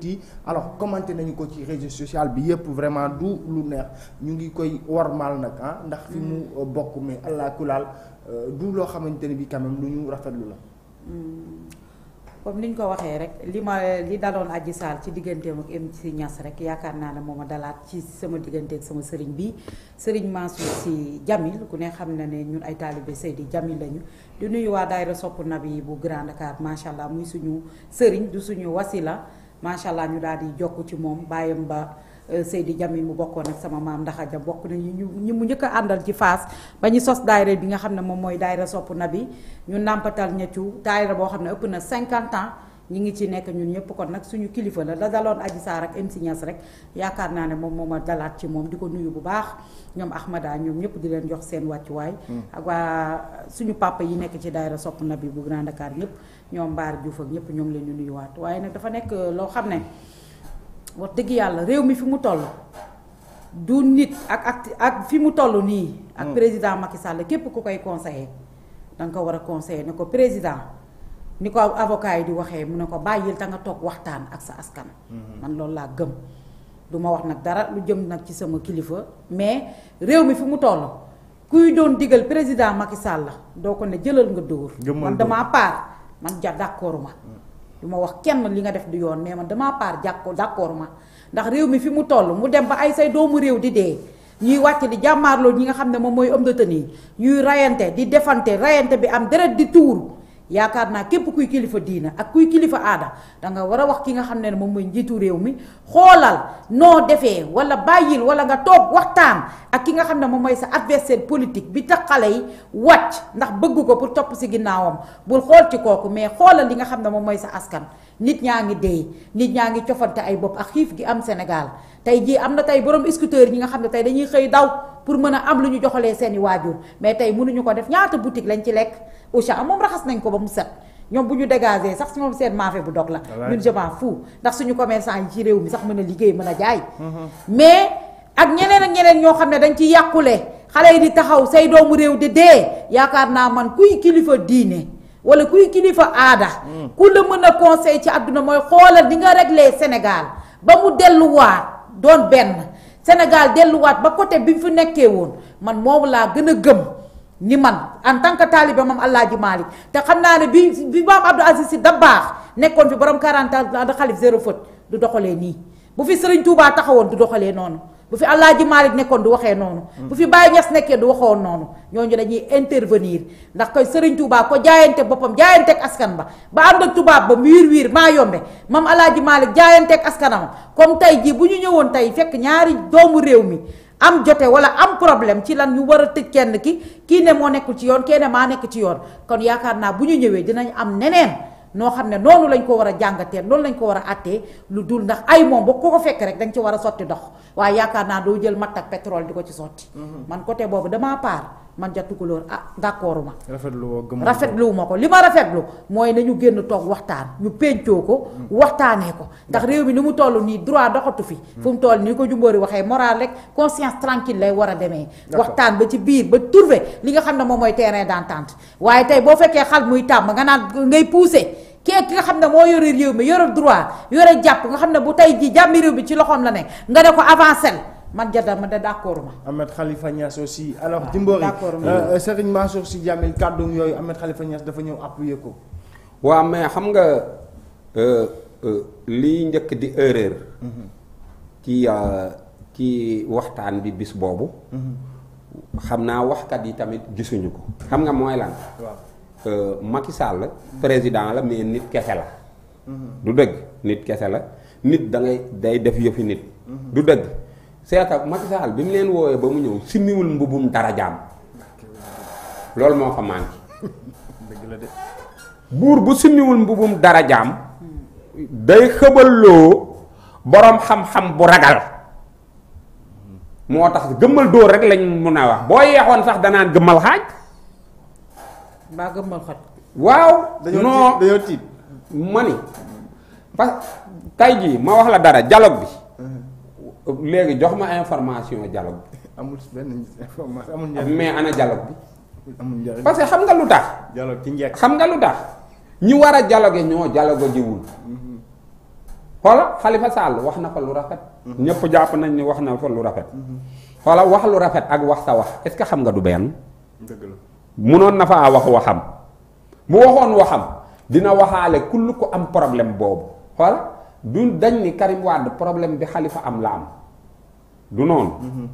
petit alors commenté nañu ko ci réseau sociale bi yëpp vraiment du lu neex ñu ngi koy war mal nag ah ndax fi mu mm. euh, bokk mais allah kulaal euh, du loo xamante ne bi quand lu ñu rafetlu la mm. comme niñ ko waxee rek li ma li daloon Adji saal ci digganteem ak MC Niass rek yaakaar naa ne moom a dalaat ci sama diggante ak sama sëriñ bi sëriñ Mansour si Jamil ku ne xam na ne ñun ay taalibe Seydi Jamil lañu di nuyu waa daayira sopp yi bu Grand Dakar macha allah muy suñu sëriñ du suñu wasila macha allah ñu daal di jokk ci moom bàyyam ba euh, di jamin mu bokkoon ak sama maam ndax ja bokk nañu ñu ñu mu njëkk àndal ci Fass ba ñu sos daayira bi nga xam ne moom mooy daayira sopp na bi ñu nàmpatal ñeccu daayira boo xam ne ëpp na cinquante ans. ñi ngi ci nekk ñun ñëpp kon nag suñu kilifa la la daloon Adji Sarr ak MC Niass rek yaakaar naa ne moom moom ma dalaat ci moom di ko nuyu bu baax ñoom Ahmada ñoom ñëpp di leen jox seen wàccuwaay. Mm. ak waa suñu papa yi nekk ci daayira Sopp Nabi bu Grand Dakar ñëpp ñoom Mbaar Diouf ak ñëpp ñoo ngi leen di nuyuwaat waaye nag dafa nekk loo xam ne wax dëgg yàlla réew mi fi mu toll. du nit ak ak ak fi mu toll nii. ak mm. président Macky Sall képp ku koy conseiller danga ko war a conseiller ne ko président. ni ko avocat yi di waxee mu ne ko bàyyil ta nga toog waxtaan ak sa askan. Mhm. man loolu laa gëm. du ma wax nag dara lu jëm nag ci sama kilifa mais réew mi fi mu toll kuy doon digal président Macky Sall la doo ko ne jëlal nga dóor. man damaa paar man ja d'accord ma. Mhm. du ma wax kenn li nga def du yoon mais man damaa paar jàkko d'accord ma ndax réew mi fi mu toll mu dem ba ay say doomu réew di dee. ñuy wàcc di jàmmaarloo ñi nga xam ne moom mooy homme de ñuy rayante di defante rayante bi am deret di tuur yaakaar naa képp kuy kilifa diina ak kuy kilifa aada danga war a wax ki nga xam ne moom mooy njiitu réew mi xoolal noo defee wala bàyyil wala nga toog waxtaan ak ki nga xam ne moom mooy sa adversaire politique bi tax xale yi wàcc ndax bëgg ko pour topp si ginnaawam bul xool ci kooku mais xoolal li nga xam ne moom mooy sa askan nit ñaa ngi dee nit ñaa ngi cofante ay bopp ak xiif gi am Sénégal tey jii am na tey borom scooter ñi nga xam ne tey dañuy xëy daw pour mën a lu ñu joxalee seeni waajur mais tey mënuñu ko def ñaata boutique lañ ci lekk Auchan moom raxas nañ ko ba mu set ñoom bu ñu dégagé sax moom seen maafe bu dog la ñun je m'en fous ndax suñu commerçant yi ci réew mi sax mën a liggéey mën a jaay mm-hmm. mais ak ñeneen ak ñeneen ñoo xam ne dañ ci yàqule xale yi di taxaw say doomu réew di dee yaakaar naa man kuy kilifa diine wala kuy kilifa aada mm. ku la mën a conseil ci àdduna mooy xoolal di nga régler Sénégal ba mu delluwaat doon benn Sénégal delluwaat ba côté bi fu nekkee woon man moom laa gën a gëm ni man en tant que taalibe moom Alaaji Maalik te xam naa ne bi bi maam Abdou Aziz Sy Dabakh nekkoon fi borom 40 ans da xalif zéro faute du doxalee nii bu fi Serigne Touba taxawoon du doxalee noonu bu fi Alaaji Maalik nekkoon du waxee noonu bu fi Baye Niass nekkee du waxoon noonu ñu dañuy intervenir ndax koy Serigne Touba ko jaayante boppam jaayante ak askan ba ba ànd ak tubaab ba wiir wiir maa yombe moom Alaaji Maalik jaayante ak askanam comme tey jii bu ñu ñëwoon tey fekk ñaari doomu réew mi am jote wala am problème ci lan ñu war a tëj kenn ki kii ne moo nekkul ci yoon kii ne maa nekk ci yoon kon yaakaar naa bu ñu ñëwee dinañ am neneen noo xam ne noonu lañ ko war a jàngatee noonu lañ ko war a àttee lu dul ndax ay moom ba ko ko fekk rek dañ ci war a sotti dox waaye yaakaar naa doo jël matt ak pétrole di ko ci sotti. Mm-hmm. man côté boobu damaa paar. man ja tukulóor ah d'accord ma. rafetluwu ma ko li ma rafetlu mooy na ñu génn toog waxtaan ñu pencoo ko. Mm. waxtaanee ko ndax réew mi ni mu toll nii droit doxatu fi. Mm. fu mu toll nii ko jumboori waxee moral rek conscience tranquille lay war a demee. waxtaan ba ci biir ba trouver li nga xam ne moom mooy terrain d'entente waaye tey boo fekkee xal muy tàmm nga naan ngay pousser. kee ki nga xam ne moo yore réew mi yore droit yore jàpp nga xam ne bu tey ji jàmmi réew mi ci loxoom la nekk nga ne ko avancel man jadama da d'accord ma. Ahmed Khalifa Niass aussi. alors Jimbori euh, euh, Serigne Mansour Sy Djamil kàdduum yooyu Ahmed Khalifa Niass dafa ñëw appuyer ko. waaw mais xam nga euh, liy njëkk di erreur. Mhm. ci ci waxtaan bi bis boobu. Mhm. xam naa waxkat yi tamit gisuñu ko. xam nga mooy lan. waaw Macky Sall président la mais nit kese la. Mhm. du dëgg nit kese la nit da ngay day def yëfi nit. du dëgg. seeta Macky Sall bi mu leen woowee ba mu ñëw simmiwul mbubum dara jaam loolu moo ko manqué de buur bu simmiwul mbubum dara jaam day xëballoo boroom xam-xam bu ragal moo tax gëmmal dóor rek lañ mun a wax boo yeexoon sax danaan gëmmal xaaj mbaa gëmmal xaj waaw non dañoo tiit ma ni parce que tey jii ma wax la dara dialogue bi léegi jox ma information dialogue bi. amul benn mais ana dialogue bi. amul parce que xam nga lu tax. dialogue ci njëkk xam nga lu tax ñi war a dialogue ñoo dialogue jiwul. Mhm. xoola Khalifa Sall wax na fa lu rafet. Mhm. ñëpp jàpp nañ ni wax na fa lu rafet. Mhm. xoola wax lu rafet ak wax sa wax est-ce que xam nga du benn. dëgg la munoon na faa wax waxam. mu waxoon waxam dina waxaale kullu ko am problème boobu xoola. du dañ ni Karim Wade problème bi xalifa am la am du noonu. Mhm.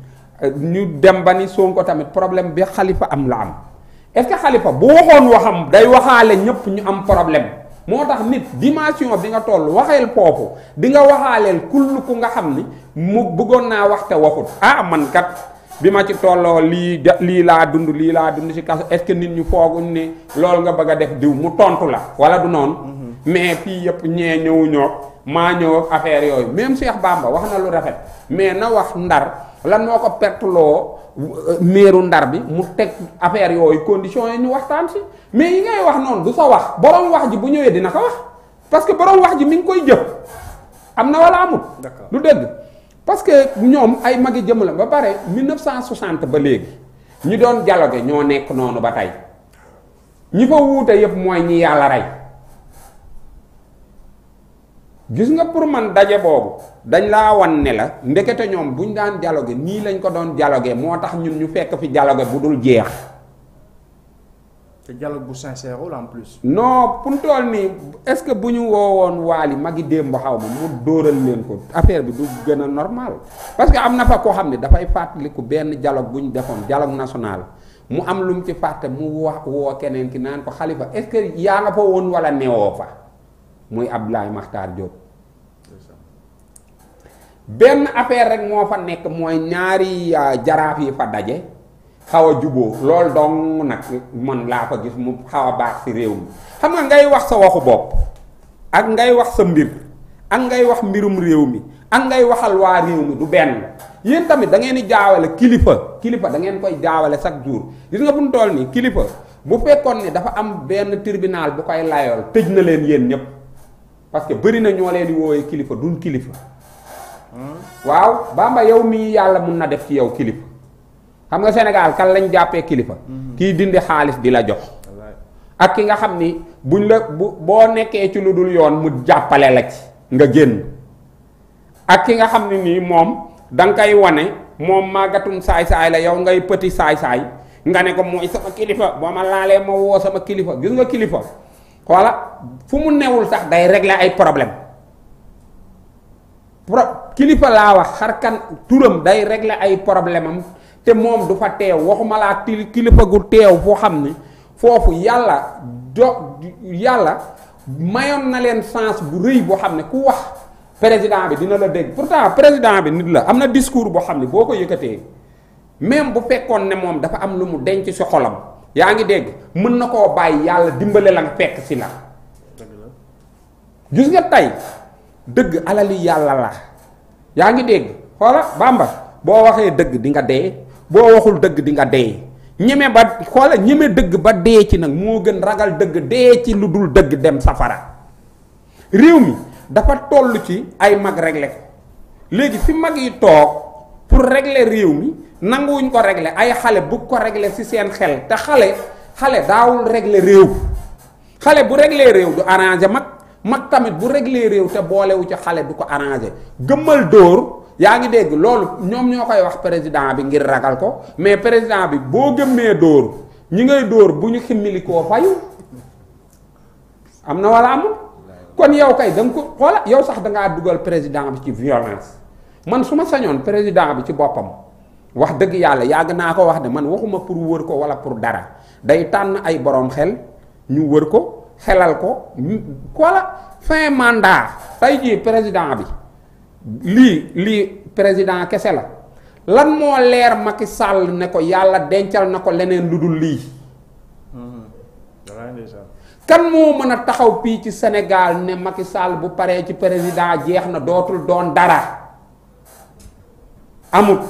ñu dem ba ni ko tamit problème bi xalifa am la am est-ce que Khalifa bu waxoon waxam day waxaale ñëpp ñu am problème. moo tax nit dimension bi nga toll waxeel foofu di nga waxaaleel kull ku nga xam ni mu bëggoon naa wax te waxut ah man kat bi ma ci tolloo lii lii laa dund lii laa dund ci kaso est nit ñu fooguñ ne loolu nga bëgg a def diw mu tontu la walla du noonu. Mhm. mais fii yëpp ñee ñëwuñoo. maa ñëw ak affaire yooyu même Cheikh Bamba wax na lu rafet mais na wax ndar lan moo ko pertloo euh, meeru ndar bi mu teg affaire yooyu conditions yi ñu waxtaan si mais yi ngay wax noonu du sa wax borom wax ji bu ñëwee dina ko wax parce que borom wax ji mi ngi koy jëf am na wala amul. du dëgg parce que ñoom ay magi jëm la ba pare 1960 ba léegi ñu doon dialogue ñoo nekk noonu ba tey ñi fa wuute yëpp mooy ñi yàlla rey. gis nga pour man daje boobu dañ laa wan ne la ndekete ñoom buñ daan dialogue nii lañ ko doon dialogue moo tax ñun ñu fekk fi dialogue bu dul jeex. te dialogue bu sincère wul en plus. non pour tool nii est-ce que bu ñu woowoon waali magi démb xaw ma mu dóoral leen ko affaire bi du gën a normal parce que am na fa koo xam ne dafay fàttaliku benn dialogue bu ñu defoon dialogue national mu am lu mu ci fàtte mu wax woo keneen ki naan ko xalifa est-ce que yaa nga fa woon wala newoo muy Abdoulaye Makhtar Diop benn affaire rek moo fa nekk mooy ñaari euh, jaraaf yi fa daje xaw a juboo loolu dong nag man laa fa gis mu xaw a baax ci réew mi xam nga ngay wax sa waxu bopp ak ngay wax sa mbir ak ngay wax mbirum réew mi ak ngay waxal waa réew mi du benn yéen tamit da ngeen jaawale kilifa kilifa da ngeen koy jaawale chaque jour gis nga bu mu toll nii kilifa bu fekkoon ni dafa am benn tribunal bu koy layool tëj na leen yéen ñëpp. parce que bëri na ñoo leen di wooyee kilifa duñ kilifa. Hmm? waaw Bamba yow mii yàlla mun na def ci yow kilifa. xam nga Sénégal kan lañ jàppee kilifa. Hmm. kiy dindi xaalis di la jox. ak ki nga xam ni buñ la bu boo nekkee ci lu dul yoon mu jàppale la ci nga génn. ak ki nga xam ne nii moom da nga koy wane moom màggatum saay-saay la yow ngay pëti saay-saay nga ne ko mooy sama kilifa boo ma laalee ma woo sama kilifa gis nga kilifa. xoola fu mu newul sax day regle ay problème pro kilifa laa wax xarkan turam day régler ay problème am te moom du fa teew waxuma laa kilifa gu teew foo xam ne foofu yàlla do yàlla mayoon na leen sens bu rëy boo xam ne ku wax président bi dina la dégg pourtant président bi nit la am na discours boo xam ne boo ko yëkkatee même bu fekkoon ne moom dafa am lu mu denc ci xolam yaa ngi dégg mën na koo bàyyi yàlla dimbale la nga fekk si la gis nga tey dëgg alali yàlla la yaa ngi dégg xoola bàmba boo waxee dëgg dinga nga dee boo waxul dëgg di nga dee ñeme ba xoola ñeme dëgg ba dee ci nag moo gën ragal dëgg dee ci lu dul dëgg dem safara réew mi dafa toll ci ay mag régler ko léegi fi mag yi toog pour régler réew mi nanguwuñ ko regle ay xale bu ko régler si seen xel te xale xale daawul régler réew xale bu régler réew du arranger mag mag tamit bu régler réew te boolewu ci xale du ko arranger gëmmal dóor yaa ngi dégg loolu ñoom ñoo koy wax président bi ngir ragal ko mais président bi boo gëmmee dóor ñi ngay dóor bu ñu ximmilikoo fayu am na wala amul kon yow kay da nga ko xoola yow sax dangaa dugal président bi ci violence man su ma sañoon président bi ci boppam wax dëgg yàlla yàgg naa ko wax de man waxuma pour wër ko wala pour dara day tànn ay boroom xel ñu wër ko xelal ko wala fin mandat tey jii président bi lii lii président kese la lan moo leer Macky Sall ne ko yàlla dencal na ko leneen lu dul lii. kan moo mën a taxaw fii ci Sénégal ne Macky Sall bu paree ci président jeex na dootul doon dara amut.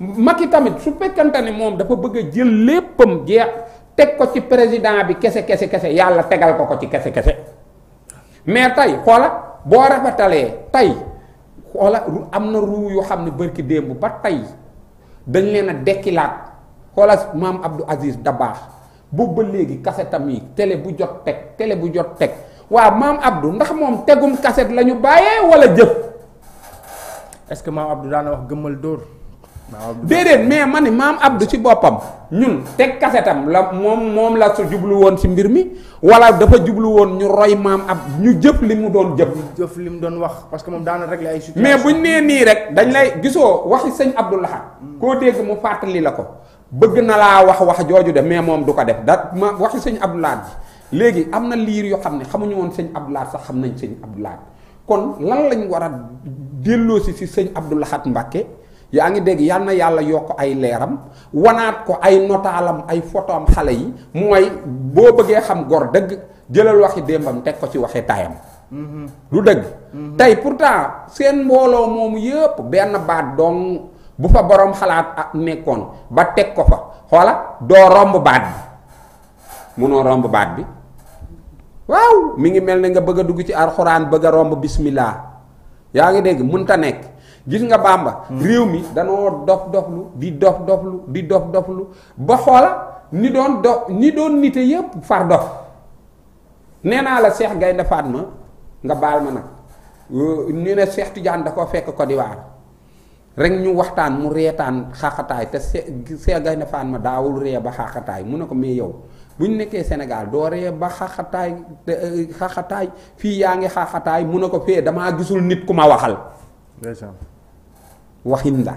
Macky tamit su fekkante ne moom dafa bëgg a jël léppam jeex teg ko ci président bi kese kese kese yàlla tegal ko ko ci kese kese mais tey xoola boo rafetalee tey xoola am na ruu yoo xam ne bërki démb ba tey dañ leen a dekkilaat xoola maam Abdou Aziz Dabakh boobu ba léegi kasetam yi télé bu jot teg tele bu jot teg waa maam Abdou ndax moom tegum kaset la ñu bàyyee wala jëf. est-ce que maam Abdou daan wax gëmmal dóor. déedéet mais ma ni maam Abdou ci boppam ñun teg kasetam la moom moom la su jublu woon ci mbir mi wala dafa jublu woon ñu roy maam ab ñu jëf li mu doon jëf. ñu jëf li mu doon wax parce que moom daan na régler ay situation mais buñ nee nii rek dañ lay gisoo waxi sëñ Abdou Lahad koo dégg mu fàttali la ko bëgg na laa wax wax jooju de mais moom du ko def da ma waxi sëñ Abdou Lahad léegi am na liir yoo xam ne xamuñu woon sëñ Abdou Lahad sax xam nañ sëñ Abdou Lahad kon lan lañ war a delloosi si sëñ Abdou Lahad Mbacké yaa ngi dégg yal na yàlla yokk ay leeram wanaat ko ay notaalam ay photo am xale yi mooy boo bëggee xam gor dëgg jëlal waxi démbam teg ko ci waxi tayam mm-hmm. du dëgg mm-hmm. tey pourtant seen mbooloo moomu yëpp benn baat doom bu fa boroom xalaat a nekkoon ba teg ko fa xoola doo romb baat bi munoo romb baat bi waaw mu ngi mel ni nga bëgg a dugg ci alxuraan bëgg a romb bismillah yaa ngi dégg mënta nekk gis nga Bamba. Hmm. réew mi danoo dof doflu di dof doflu di dof doflu ba xoola ni doon dof ni doon nite yépp far dof nee naa la seex Gaynde ma nga baal ma nag ñu ne Cheikh Tidiane da ko fekk Côte d'Ivoire ñu waxtaan mu reetaan xaaxataay te Cheikh Gaynde ma daawul ree ba xaaxataay mu ne ko mais yow bu ñu nekkee Sénégal doo ree ba xaaxataay euh, xaaxataay fii yaa ngi xaaxataay mu ne ko fee damaa gisul nit ku ma waxal. waxin la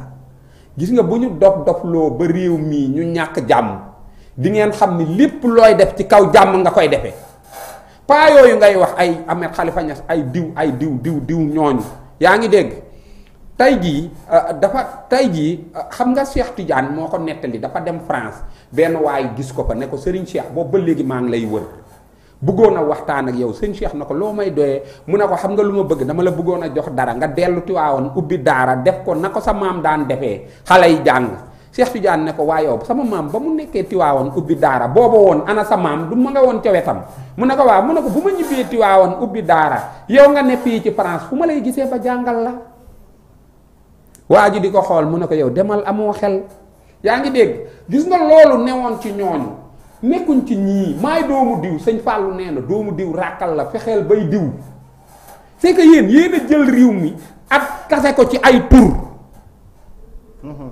gis nga bu ñu dof dofloo ba réew mii ñu ñàkk jàmm di ngeen xam ni lépp looy def ci kaw jàmm nga koy defee paa yooyu ngay wax ay Ahmed Khalifa Niass ay diw ay diw diw diw ñooñu yaa ngi dégg tey jii euh, dafa tey jii euh, xam nga Cheikh Tidiane moo ko nettali dafa dem France benn waay gis ko fa ne ko sëriñ Cheikh boobu ba léegi maa ngi lay wër buggoon a waxtaan ak yow sëñ Cheikh na ko loo may doyee mu ne ko xam nga lu ma bëgg dama la buggoon a jox dara nga dellu Tiwaawoon ubbi daara def ko na ko sa maam daan defee xale yi jàng Cheikh Tidiane ne ko waa yow sama maam ba mu nekkee Tiwaawoon ubbi daara booba woon sa maam du ma nga woon ca mu ne ko waaw mu ne ko bu ma ñibbee Tiwaawoon ubbi daara yow nga ne fii ci France fu ma lay gisee ba jàngal la waa ji di ko xool mun ne ko yow demal amoo xel yaa ngi dégg gis nga loolu newoon ci ñooñu nekkuñ ci ñii may doomu diw sëñ Fallou nee na doomu diw ràkkal la fexeel bay diw c'est yéen yéen a jël réew mi ak kase ko ci ay tur mm-hmm.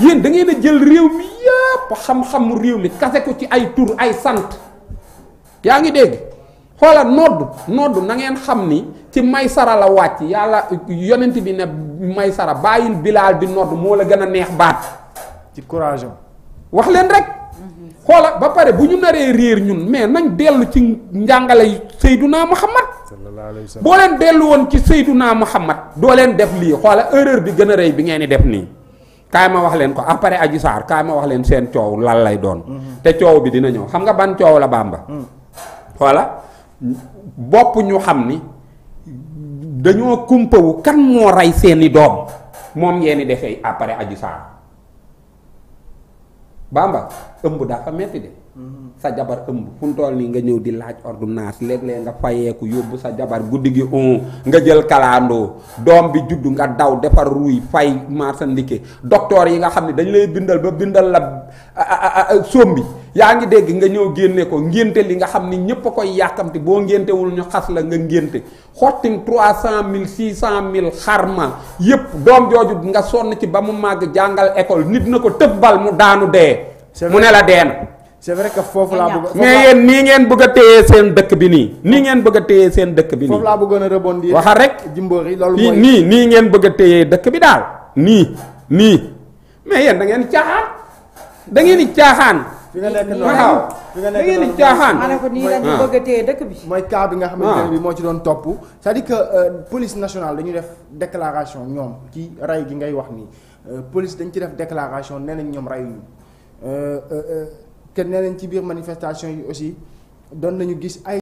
yéen da ngeen a jël réew mi yëpp xam-xamu réew mi kase ko ci ay tur ay sant yaa ngi dégg xoola nodd nodd na ngeen xam ni ci maysara la wàcc yàlla yonent bi ne sara bàyyil bilaal di nodd moo la gën a neex baat ci courage wax leen rek xoola ba pare bu ñu naree réer ñun mais nañ dellu ci njàngale Seydunaa Muhammad boo leen dellu woon ci Seydunaa Muhammad doo leen def lii xoola erreur bi gën a rëy bi ngeen di def nii kaay ma wax leen ko après Adji Sarr kaay ma wax leen seen coow lan lay doon mm-hmm. te coow bi dina ñëw xam nga ban coow la Bàmba xoola mm. bopp ñu xam ni dañoo kumpawu kan moo rey seeni doom moom ngeen di defee après Adji Sarr baamba ëmb dafa metti de. sa jabar ëmb fu mu nii nga ñëw di laaj ordonnance léeg-léeg nga fayeeku yóbbu sa jabar guddi gi on nga jël kalaandoo doom bi juddu nga daw defar ruuy fay marsan ndike yi nga xam ne dañu lay bindal ba bindal la sombi yaa ngi dégg nga ñëw génne ko ngénte li nga xam ni ñëpp a koy yàkkamti boo ngéntewul ñu xas la nga ngénte xottin 300000 600000 xarma yépp doom jooju nga sonn ci ba mu màgg jàngal école nit na ko tëbbal mu daanu dee. mu ne la dee na. c'est que foofu laa mais yéen nii ngeen bëgg a téye seen dëkk bi nii nii ngeen bëgg a téye seen dëkk bi nii. foofu laa bëggoon a rebondir waxal rek Jimbori loolu mooy nii nii ngeen bëgg a téye dëkk bi daal nii nii mais yéen da ngeen caaxaan da ngeen di caaxaan fi nga nekk noonu waaw fi nga nekk noonu caaxaan ma ne nii lañ bëgg a téye bi mooy cas bi nga xamante ne ah. bi moo ci doon topp c'est-à-dire que euh, police nationale dañu def déclaration ñoom ci rey gi ngay wax nii euh, police dañ ci def déclaration nee nañ ñoom reyuñu te euh, nee nañ ci biir manifestation yi aussi doon nañu gis ay